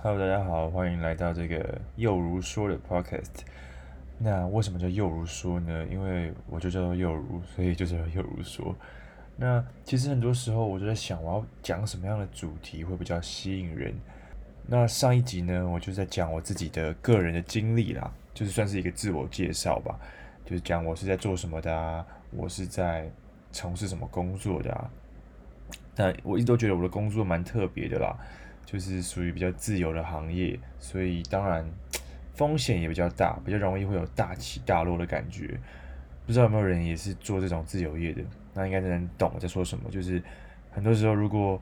Hello，大家好，歡迎來到這個又如說的 Podcast。那為什麼叫又如說呢？因為我就叫做又如，所以就是又如說。那其實很多時候我就在想，我要講什麼樣的主題會比較吸引人。那上一集呢，我就是在講我自己的個人的經歷啦，就是算是一個自我介紹吧，就是講我是在做什麼的啊，我是在從事什麼工作的啊。但我一直都覺得我的工作蠻特別的啦。就是屬於比較自由的行業，所以當然風險也比較大，比較容易會有大起大落的感覺。不知道有沒有人也是做這種自由業的？那應該就能懂我在說什麼。就是很多時候，如果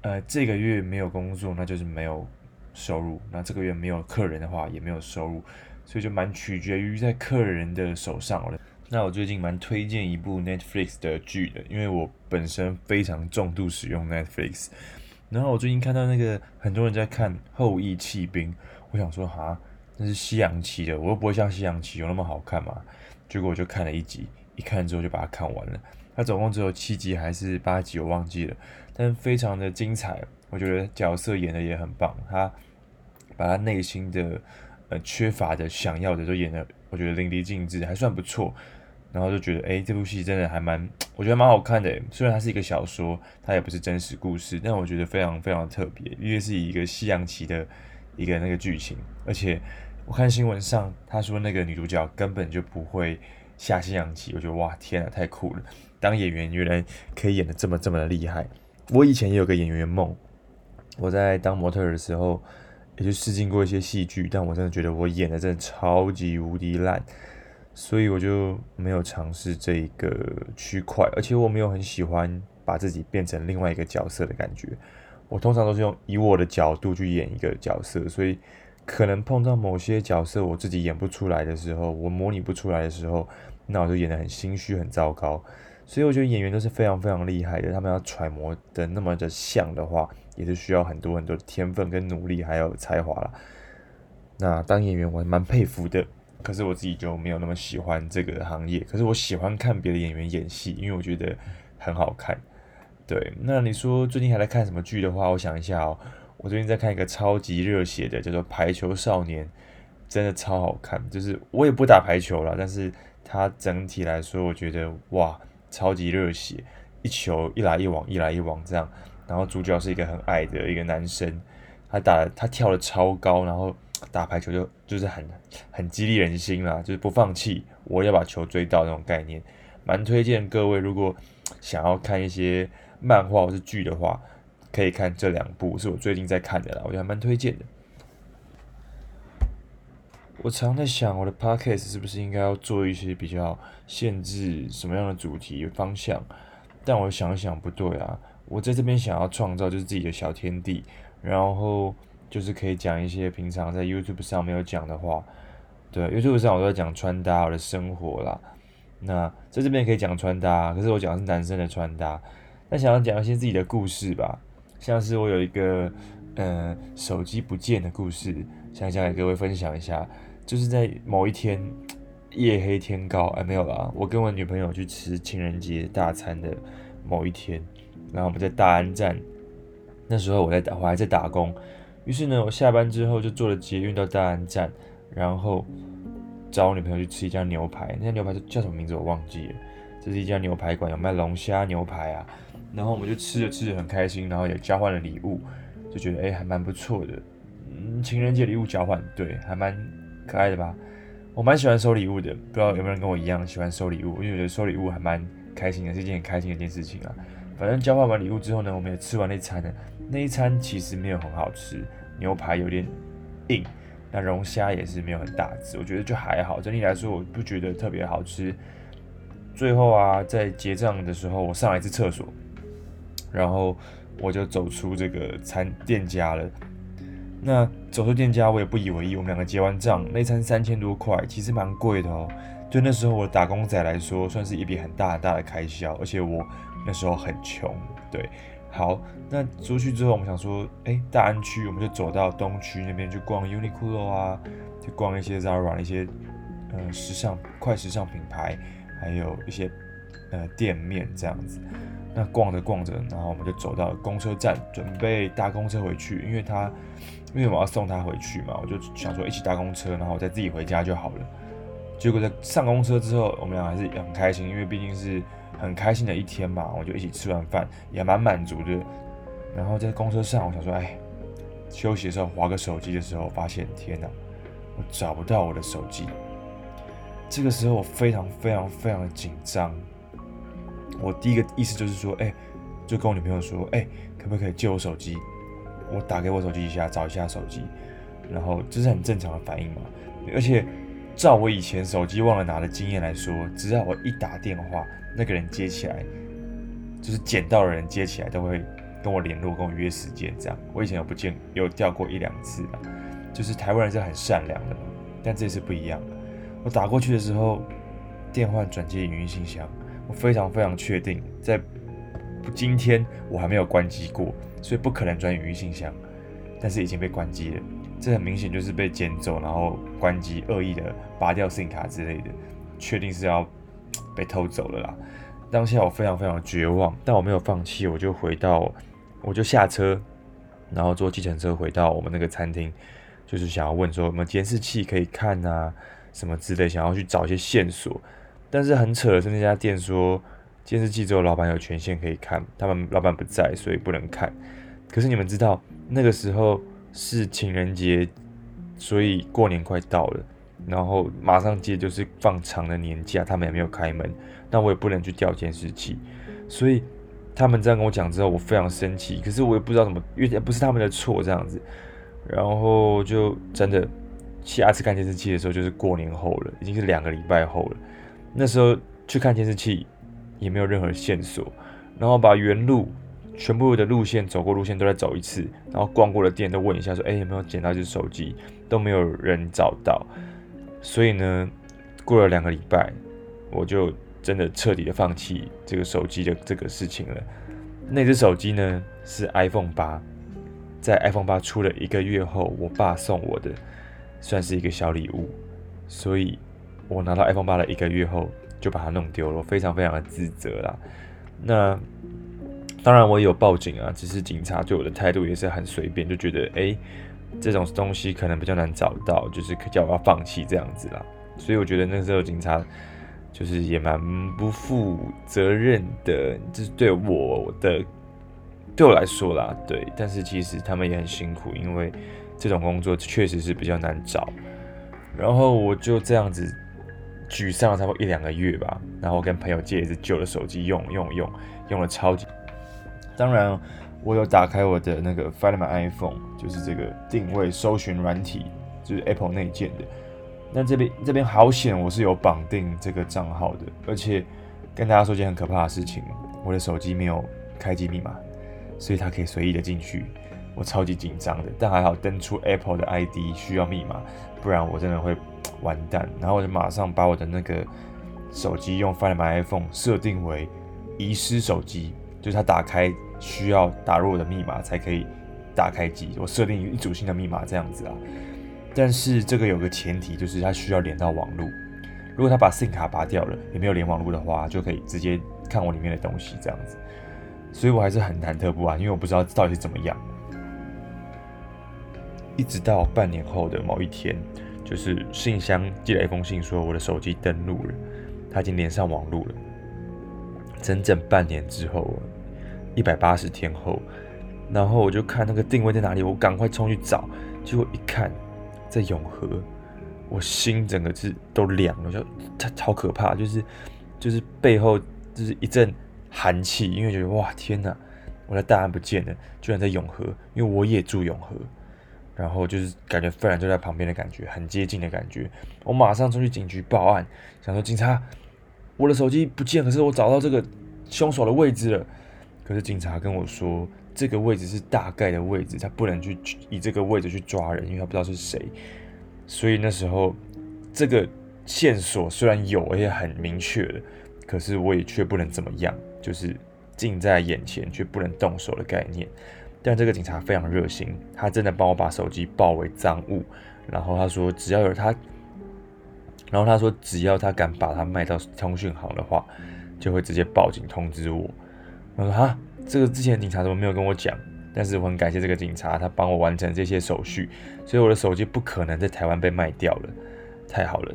呃這個月沒有工作，那就是沒有收入；那這個月沒有客人的話，也沒有收入。所以就蠻取決於在客人的手上了。那我最近蠻推薦一部 Netflix 的劇的，因為我本身非常重度使用 Netflix。然後我最近看到那個很多人在看《後翼棄兵》，我想說哈，那是西洋棋的，我又不會像西洋棋，有那麼好看嘛，結果我就看了一集，一看之後就把它看完了。它總共只有七集還是八集，我忘記了。但是非常的精彩，我覺得角色演得也很棒，他把他內心的呃缺乏的、想要的都演得，我覺得淋漓盡致，還算不錯。然後就覺得，誒，這部戲真的還蠻，我覺得蠻好看的。雖然它是一個小說，它也不是真實故事，但我覺得非常非常特別，因為是一個西洋棋的一個那個劇情。而且我看新聞上，他說那個女主角根本就不會下西洋棋。我覺得哇，天啊，太酷了！當演員原來可以演得這麼這麼的厲害。我以前也有個演員夢，我在當模特的時候，也就試鏡過一些戲劇，但我真的覺得我演得真的超級無敵爛。所以我就沒有嘗試這一個區塊，而且我沒有很喜歡把自己變成另外一個角色的感覺。我通常都是用以我的角度去演一個角色，所以可能碰到某些角色我自己演不出來的時候，我模擬不出來的時候，那我就演得很心虛、很糟糕。所以我覺得演員都是非常非常厲害的，他們要揣摩的那麼的像的話，也是需要很多很多的天分、跟努力還有才華啦。那當演員，我還蠻佩服的。可是我自己就沒有那麼喜歡這個行業。可是我喜歡看別的演員演戲，因為我覺得很好看。對，那你說最近還在看什麼劇的話，我想一下哦。我最近在看一個超級熱血的，叫做《排球少年》，真的超好看。就是我也不打排球了，但是他整體來說，我覺得哇，超級熱血，一球一來一往，一來一往這樣。然後主角是一個很矮的一個男生，他打他跳得超高，然後。打排球就就是很很激勵人心啦，就是不放棄，我要把球追到那種概念，蠻推薦各位，如果想要看一些漫畫或是劇的話，可以看這兩部，是我最近在看的啦，我覺得還蠻推薦的。我常在想，我的 podcast 是不是應該要做一些比較限制什麼樣的主題方向？但我想想不對啊，我在這邊想要創造就是自己的小天地，然後。就是可以講一些平常在 YouTube 上沒有講的話，對，YouTube 上我都在講穿搭，我的生活啦。那在這邊可以講穿搭，啊，可是我講的是男生的穿搭。那想要講一些自己的故事吧，像是我有一個嗯、呃、手機不見的故事，想想給各位分享一下。就是在某一天夜黑天高，哎沒有啦，我跟我女朋友去吃情人節大餐的某一天，然後我們在大安站，那時候我在打，我還在打工。於是呢，我下班之後就坐了捷運到大安站，然後找我女朋友去吃一家牛排。那家牛排是叫什麼名字？我忘記了。這是一家牛排館，有賣龍蝦牛排啊。然後我們就吃着吃着很開心，然後也交換了禮物，就覺得哎，欸，還蠻不錯的。嗯，情人節禮物交換，對，還蠻可愛的吧？我蠻喜歡收禮物的，不知道有沒有人跟我一樣喜歡收禮物？因為我覺得收禮物還蠻開心的，是一件很開心的一件事情啊。反正交換完禮物之後呢，我們也吃完那餐了。那一餐其實沒有很好吃。牛排有點硬，那龍蝦也是沒有很大隻，我覺得就還好。整體來說，我不覺得特別好吃。最後啊，在結賬的時候，我上了一次廁所，然後我就走出這個餐店家了。那走出店家，我也不以為意。我們兩個結完賬，那餐三千多塊，其實蠻貴的哦。對，那時候我打工仔來說，算是一筆很大很大的開銷，而且我那時候很窮，對。好，那出去之後，我們想說，哎、欸，大安區，我們就走到東區那邊去逛 UNIQLO 啊，去逛一些 Zara 一些，嗯、呃，時尚快時尚品牌，還有一些呃店面這樣子。那逛着逛着，然後我們就走到公車站，準備搭公車回去，因為他，因為我要送他回去嘛，我就想說一起搭公車，然後我再自己回家就好了。結果在上公車之後，我們倆還是很開心，因為畢竟是。很開心的一天嘛，我就一起吃完飯也蠻滿足的。然後在公車上，我想說，哎，休息的時候滑個手機的時候，發現天哪，我找不到我的手機。這個時候我非常非常非常的緊張。我第一個意思就是說，哎，就跟我女朋友說，哎，可不可以借我手機？我打給我手機一下，找一下手機，然後這是很正常的反應嘛，而且。照我以前手機忘了拿的經驗來說，只要我一打電話，那個人接起來，就是撿到的人接起來，都會跟我聯絡，跟我約時間。這樣，我以前有不見有掉過一兩次嘛，就是台灣人是很善良的，但這次不一樣。我打過去的時候，電話轉接語音信箱，我非常非常確定，在今天我還沒有關機過，所以不可能轉語音信箱，但是已經被關機了。這很明顯就是被撿走，然後關機、惡意的拔掉 SIM 卡之類的，確定是要被偷走了啦。當下我非常非常絕望，但我沒有放棄，我就回到，我就下車，然後坐計程車回到我們那個餐廳，就是想要問說，什麼監視器可以看啊，什麼之類，想要去找一些線索。但是很扯的是，那家店說，監視器只有老闆有權限可以看，他們老闆不在，所以不能看。可是你們知道那個時候，是情人節，所以過年快到了，然後馬上接就是放長的年假，他們也沒有開門，但我也不能去調監視器，所以他們這樣跟我講之後，我非常生氣，可是我也不知道怎麼，因為不是他們的錯這樣子，然後就真的下次看監視器的時候，就是過年後了，已經是兩個禮拜後了，那時候去看監視器也沒有任何線索，然後把原路。全部的路線走過，路線都再走一次，然後逛過的店都問一下，說：“哎、欸，有沒有撿到一支手機？”都沒有人找到，所以呢，過了兩個禮拜，我就真的徹底的放棄這個手機的這個事情了。那支手機呢，是 iPhone 八，在 iPhone 八出了一個月後，我爸送我的，算是一個小禮物。所以我拿到 iPhone 八了一個月後，就把它弄丟了，非常非常的自責啦。那。當然我也有報警啊，只是警察對我的態度也是很隨便，就覺得誒，這種東西可能比較難找到，就是叫我要放棄這樣子啦。所以我覺得那時候警察就是也蠻不負責任的，這、就是對我的，對我來說啦，對。但是其實他們也很辛苦，因為這種工作確實是比較難找。然後我就這樣子沮喪了，差不多一兩個月吧。然後跟朋友借一隻舊的手機用用用，用了超級。當然，我有打開我的那個 Find My iPhone，就是這個定位搜尋軟體，就是 Apple 內建的。那這邊這邊好險，我是有綁定這個賬號的。而且跟大家說一件很可怕的事情，我的手機沒有開機密碼，所以它可以隨意的進去。我超級緊張的，但還好登出 Apple 的 ID 需要密碼，不然我真的會完蛋。然後我就馬上把我的那個手機用 Find My iPhone 設定為遺失手機，就是它打開。需要打入我的密碼才可以打開機，我設定一組新的密碼這樣子啊。但是這個有個前提，就是它需要連到網絡。如果他把 SIM 卡拔掉了，也沒有連網絡的話，就可以直接看我裡面的東西這樣子。所以我還是很忐忑不安，因為我不知道到底是怎麼樣。一直到半年後的某一天，就是信箱寄來一封信，說我的手機登錄了，它已經連上網絡了。整整半年之後，一百八十天後，然後我就看那個定位在哪裡，我趕快衝去找，結果一看，在永和，我心整個是都涼了，就他超可怕，就是就是背後就是一陣寒氣，因為覺得哇天吶，我的檔案不見了，居然在永和，因為我也住永和，然後就是感覺犯人就在旁邊的感覺，很接近的感覺，我馬上衝去警局報案，想說警察，我的手機不見，可是我找到這個凶手的位置了。可是警察跟我說，這個位置是大概的位置，他不能去以這個位置去抓人，因為他不知道是誰。所以那時候，這個線索雖然有，而且很明確，可是我也卻不能怎麼樣，就是近在眼前卻不能動手的概念。但這個警察非常熱心，他真的幫我把手機報為贓物，然後他說只要有他，然後他說只要他敢把它賣到通訊行的話，就會直接報警通知我。我說哈，這個之前警察怎麼沒有跟我講？但是我很感謝這個警察，他幫我完成這些手續，所以我的手機不可能在台灣被賣掉了，太好了。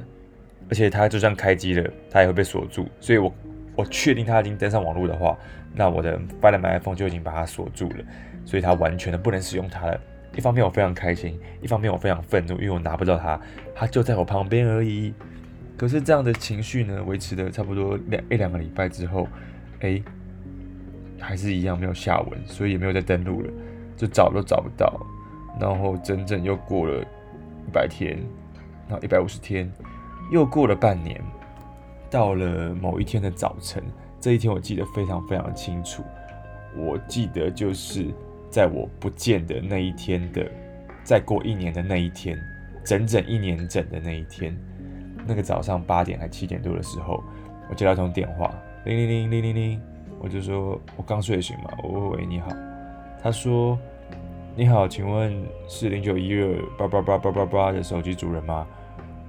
而且它就算開機了，它也會被鎖住。所以我，我我確定它已經登上網絡的話，那我的 Find My iPhone 就已經把它鎖住了，所以它完全的不能使用它了。一方面我非常開心，一方面我非常憤怒，因為我拿不到它，它就在我旁邊而已。可是這樣的情緒呢，維持了差不多兩一兩個禮拜之後，誒還是一樣沒有下文，所以也沒有再登錄了，就找都找不到。然後整整又過了一百天，然後一百五十天，又過了半年。到了某一天的早晨，這一天我記得非常非常清楚。我記得就是在我不見的那一天的，再過一年的那一天，整整一年整的那一天，那個早上八點還七點多的時候，我接到一通電話，鈴鈴鈴鈴鈴鈴。我就說，我剛睡醒嘛，我問，喂，你好，他說你好，請問是零九一二八八八八八八的手機主人嗎？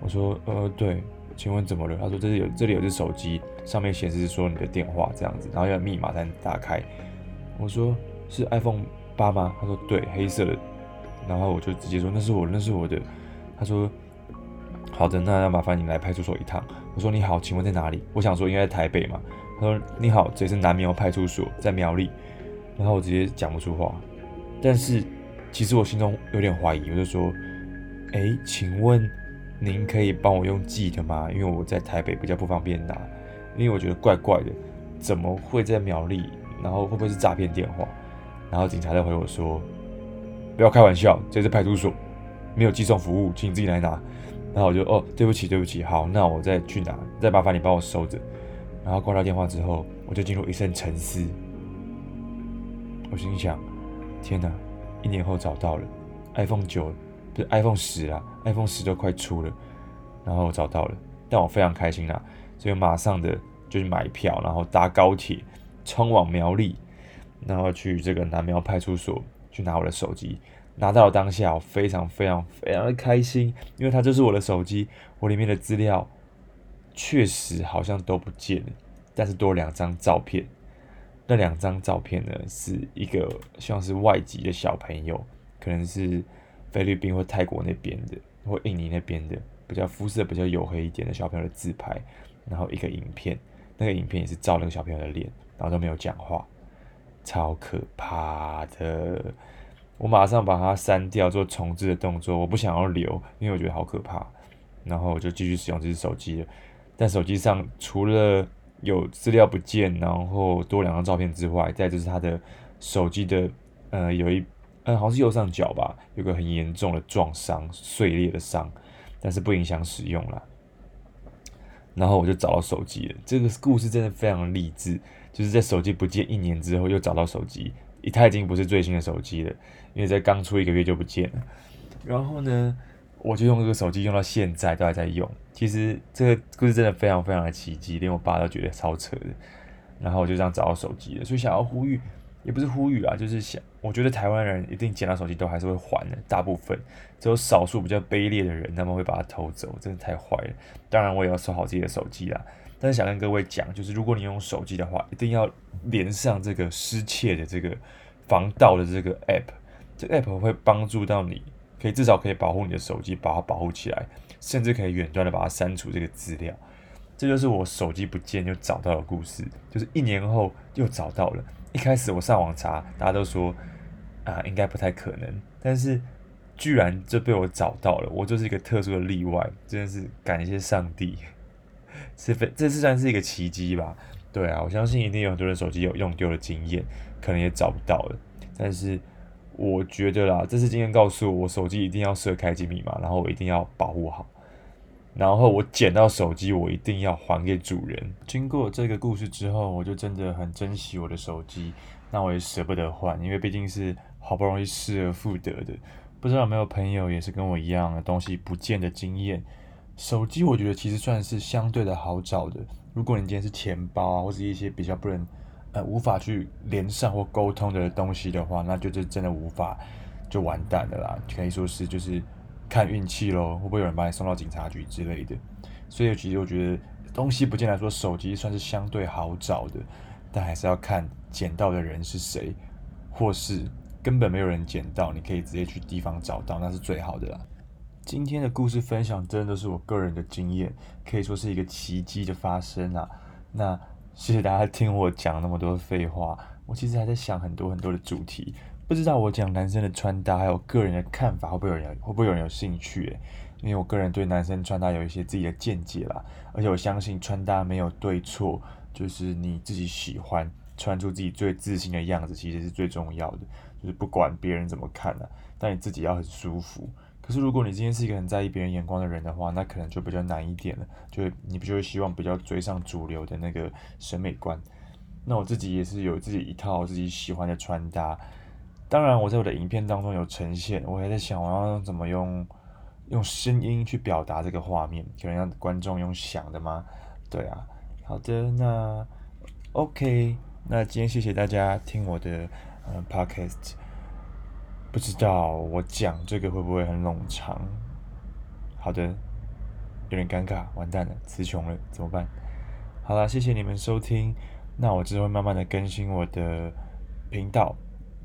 我說呃對，請問怎麼了？他說這裡，這裡有這裡有隻手機，上面顯示說你的電話這樣子，然後要密碼才能打開。我說是 iPhone 八嗎？他說對，黑色的。然後我就直接說那是我，那是我的。他說好的，那要麻煩你來派出所一趟。我說你好，請問在哪裡？我想說應該在台北嘛。他說：“你好，這是南苗派出所，在苗栗。”然後我直接講不出話。但是其實我心中有點懷疑，我就說：“哎，請問您可以幫我用寄的嗎？因為我在台北比較不方便拿，因為我覺得怪怪的，怎麼會在苗栗？然後會不會是詐騙電話？”然後警察就回我說：“不要開玩笑，這是派出所，沒有寄送服務，請你自己來拿。”然後我就：“哦，對不起，對不起，好，那我再去拿，再麻煩你幫我收着。”然後掛掉電話之後，我就進入一陣沉思。我心想：天哪，一年後找到了 iPhone 九，不是 iPhone 十啦，iPhone 十都快出了，然後找到了，但我非常開心啊！所以我馬上的就去買票，然後搭高鐵，衝往苗栗，然後去這個南苗派出所去拿我的手機。拿到了當下，我非常非常非常的開心，因為它就是我的手機，我裡面的資料。確實好像都不見了，但是多兩張照片。那兩張照片呢，是一個像是外籍的小朋友，可能是菲律賓或泰國那邊的，或印尼那邊的，比較膚色比較黝黑一點的小朋友的自拍。然後一個影片，那個影片也是照那個小朋友的臉，然後都沒有講話，超可怕的。我馬上把它刪掉，做重置的動作，我不想要留，因為我覺得好可怕。然後我就繼續使用這只手機但手機上，除了有資料不見，然後多兩張照片之外，再就是他的手機的，呃，有一、呃，好像是右上角吧，有個很嚴重的撞傷、碎裂的傷，但是不影響使用了。然後我就找到手機了。這個故事真的非常勵志，就是在手機不見一年之後又找到手機，它已經不是最新的手機了，因為在剛出一個月就不見了。然後呢，我就用這個手機用到現在，都還在用。其實這個故事真的非常非常的奇蹟，連我爸都覺得超扯的。然後我就這樣找到手機了，所以想要呼籲，也不是呼籲啊，就是想，我覺得臺灣人一定撿到手機都還是會還的，大部分只有少數比較卑劣的人，他們會把它偷走，真的太壞了。當然我也要收好自己的手機啦。但是想跟各位講，就是如果你用手機的話，一定要連上這個失竊的這個防盜的這個 app，這個 app 會幫助到你。可以至少可以保護你的手機，把它保護起來，甚至可以遠端的把它刪除這個資料。這就是我手機不見又找到的故事，就是一年後又找到了。一開始我上網查，大家都說啊，應該不太可能，但是居然就被我找到了。我就是一個特殊的例外，真的是感謝上帝，是非這次算是一個奇蹟吧？對啊，我相信一定有很多人手機有用丟的經驗，可能也找不到了，但是。我覺得啦，這次經驗告訴我，我手機一定要設開機密碼，然後我一定要保護好。然後我撿到手機，我一定要還給主人。經過這個故事之後，我就真的很珍惜我的手機，那我也捨不得換，因為畢竟是好不容易失而復得的。不知道有沒有朋友也是跟我一樣的東西不見的經驗？手機我覺得其實算是相對的好找的。如果你今天是錢包啊，或是一些比較不能。那、嗯、無法去連上或溝通的東西的話，那就是真的無法就完蛋的啦。可以說是就是看運氣嘍，會不會有人把你送到警察局之類的。所以其實我覺得東西不見得說，手機算是相對好找的，但還是要看撿到的人是誰，或是根本沒有人撿到，你可以直接去地方找到，那是最好的啦。今天的故事分享，真的都是我個人的經驗，可以說是一個奇蹟的發生啊。那。謝謝大家聽我講那麼多廢話，我其實還在想很多很多的主題，不知道我講男生的穿搭還有個人的看法會不會有人有會不會有人有興趣？因為我個人對男生穿搭有一些自己的見解啦，而且我相信穿搭沒有對錯，就是你自己喜歡穿出自己最自信的樣子，其實是最重要的，就是不管別人怎麼看呢啊，但你自己要很舒服。可是，如果你今天是一個很在意別人眼光的人的話，那可能就比較難一點了。就你不就會希望比較追上主流的那個審美觀？那我自己也是有自己一套自己喜歡的穿搭。當然，我在我的影片當中有呈現。我還在想，我要怎麼用用聲音去表達這個畫面？可能讓觀眾用想的嗎？對啊，好的，那 OK，那今天謝謝大家聽我的嗯 Podcast。不知道我講這個會不會很冗長？好的，有點尷尬，完蛋了，詞窮了，怎麼辦？好啦，謝謝你們收聽。那我之後會慢慢的更新我的頻道，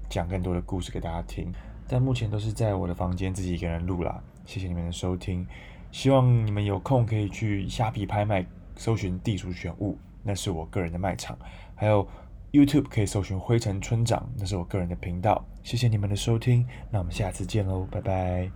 講更多的故事給大家聽。但目前都是在我的房間自己一個人錄啦。謝謝你們的收聽，希望你們有空可以去蝦皮拍賣搜尋地鼠選物，那是我個人的賣場。還有 YouTube 可以搜尋灰塵村長，那是我個人的頻道。謝謝你們的收聽，那我們下次見嘍，拜拜。